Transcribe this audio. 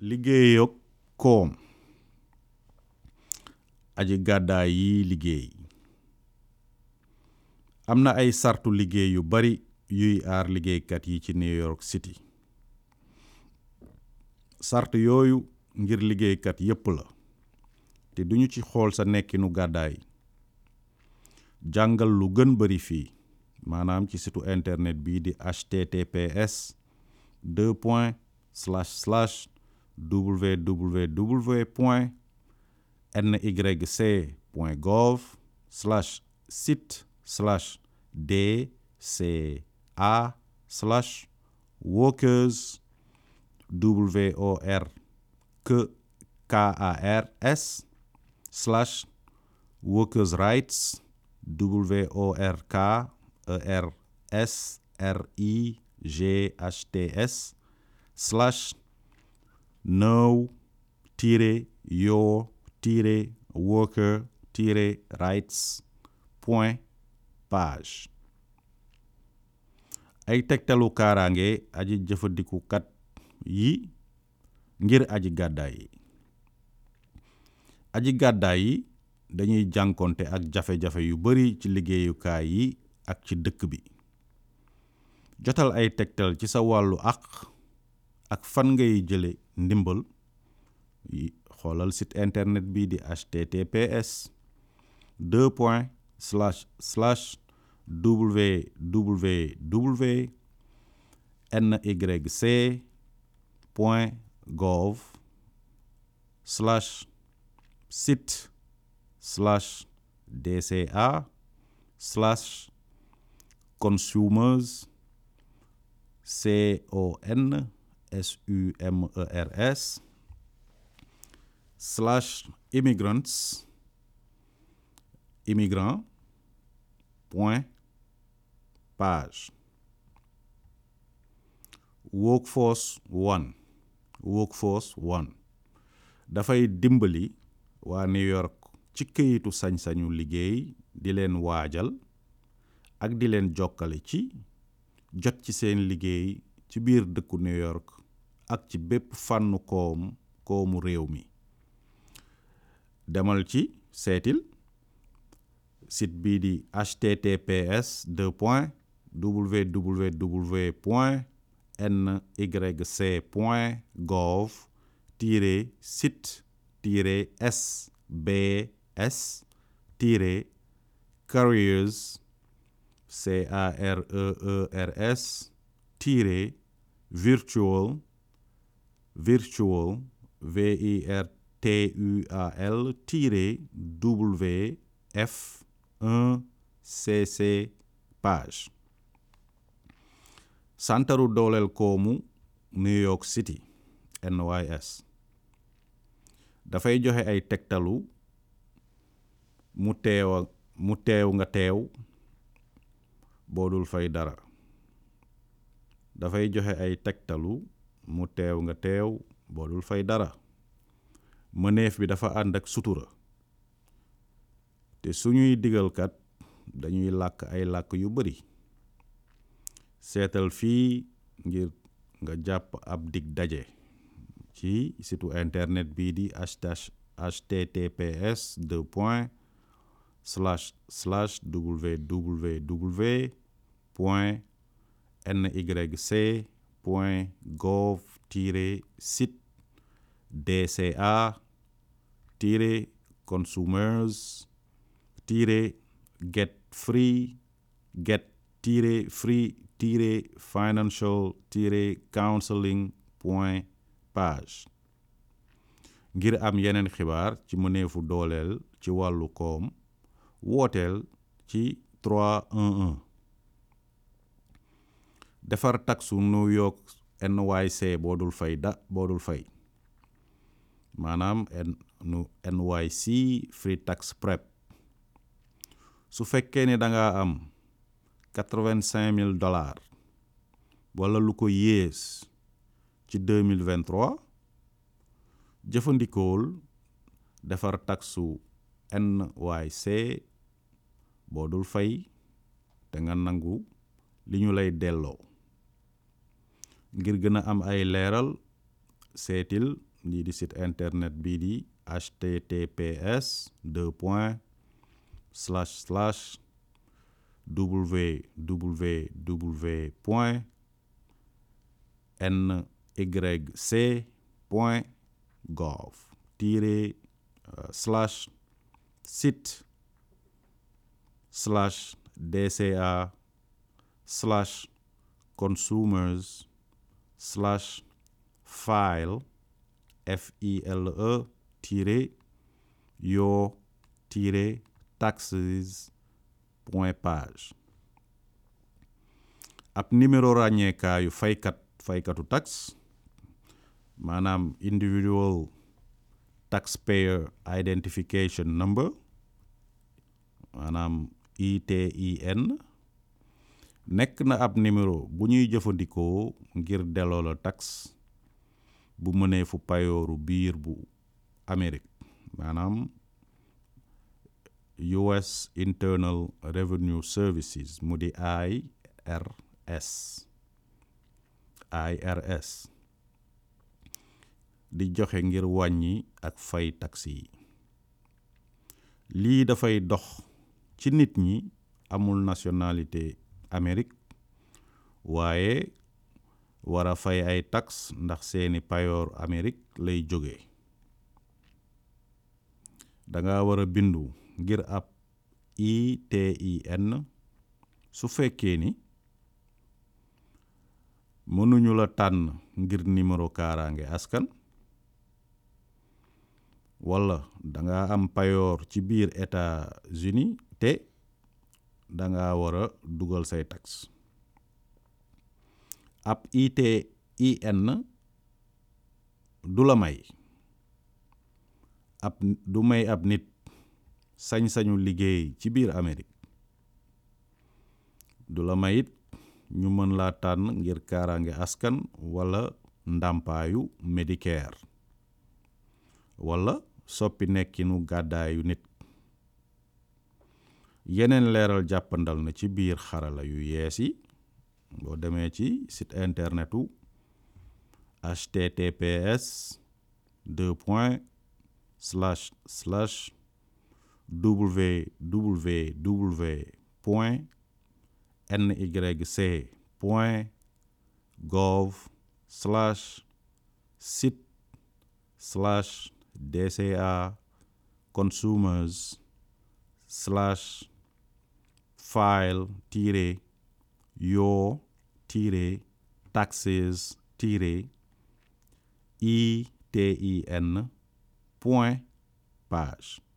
liggéeyoog koom aji gàddaay yi liggéey am na ay sartu liggéey yu bari yuy aar liggéeykat yi ci New York City sart yooyu ngir liggéeykat yépp la te duñu ci xool sa nekkinu gàddaay jàngal lu gën bari fii maanaam ci situ internet bii di https deux point www point nyc point gov slash site slash dca slash workers w o r k k a workers rights w o r k e r s r i g know tiret yoo tiret worker tiret rights point page ay tegtalu kaaraange aji jëfandikukat yi ngir aji gàddaay yi aji gàddaay yi dañuy jànkonte ak jafe-jafe yu bari ci liggéeyukaay yi ak ci dëkk bi jotal ay tegtal ci sa wàllu àq ak fan ngay jële ndimbal xoolal site internet bi di https deux point slash slash www nyc point gov slash site slash dca slash consumers con s u m e immigrants point page workforce one workforce one dafay dimbali waa New York ci këyitu sañ-sañu liggéey di leen waajal ak di leen jokkale ci jot ci seen liggéey ci biir dëkku New York ak ci bépp fànn koom koomu réew mi demal ci seetil sit bii di https deux point www point nyc point gov tiire site tiire sbs tiire careers c a e e tiire virtual virtual v i r t e page santaru dooleel koomu New York City NYS dafay joxe ay tegtalu mu teew mu teew nga teew boodul fay dara dafay joxe ay tegtalu mu teew nga teew boolul fay dara mëneef bi dafa ànd ak sutura te suñuy digalkat dañuy làkk ay làkk yu bari seetal fii ngir nga jàpp ab dig daje ci site internet bii di https deux point slash slash www point nyc point gov tiret sit dca tiret consumers tiret get free get tiret free tiret financial tiret counseling point page ngir am yeneen xibaar ci mëneefu dooleel ci wàllu koom wooteel ci 311 defar taxu New York NYC boo dul fay da boo dul fay maanaam NYC free tax prep su fekkee ne da nga am quatre-vingt-cinq mille dollars wala lu ko yées ci deux mille vingt-trois jëfandikool defar taxu NYC boo dul fay te nga nangu li ñu lay delloo ngir gën a am ay leeral seetil lii di site internet bii di https deux point slash slash www point nyc point gov tiret euh, slash site slash dca slash consumers slash file f i tire e tiret your taxes page ab numéro ràññeekaayu faykat faykatu tax maanaam individual taxpayer identification number maanaam ITIN nekk na ab numéro bu ñuy jëfandikoo ngir delloo la tax bu mënee fu payooru biir bu amerig maanaam US Internal Revenue Services mu di IRS di joxe ngir wàññi ak fay tax yi lii dafay dox ci nit ñi amul nationalité Amérique waaye wara fay ay tax ndax seeni payoor Amérique lay jóge danga war a bindu ngir ab ITIN su fekkee ni mënuñu la tànn ngir nimero kaaraange askan wala danga am payoor ci biir États-Unis te da nga war a dugal say tax ab ITIN du la may ab du may ab nit sañ-sañu liggéey ci biir Amérique du la may it ñu mën laa tànn ngir kaaraange askan walla ndàmpaayu Medicare wala soppi nekkinu gàddaayu nit yeneen leeral jàppandal na ci biir xarala yu yees yi boo demee ci site internetu https deux point slash slash www point nyc point gov slash site slash dca consumers slash file tire your tiret taxes tiret ITIN point page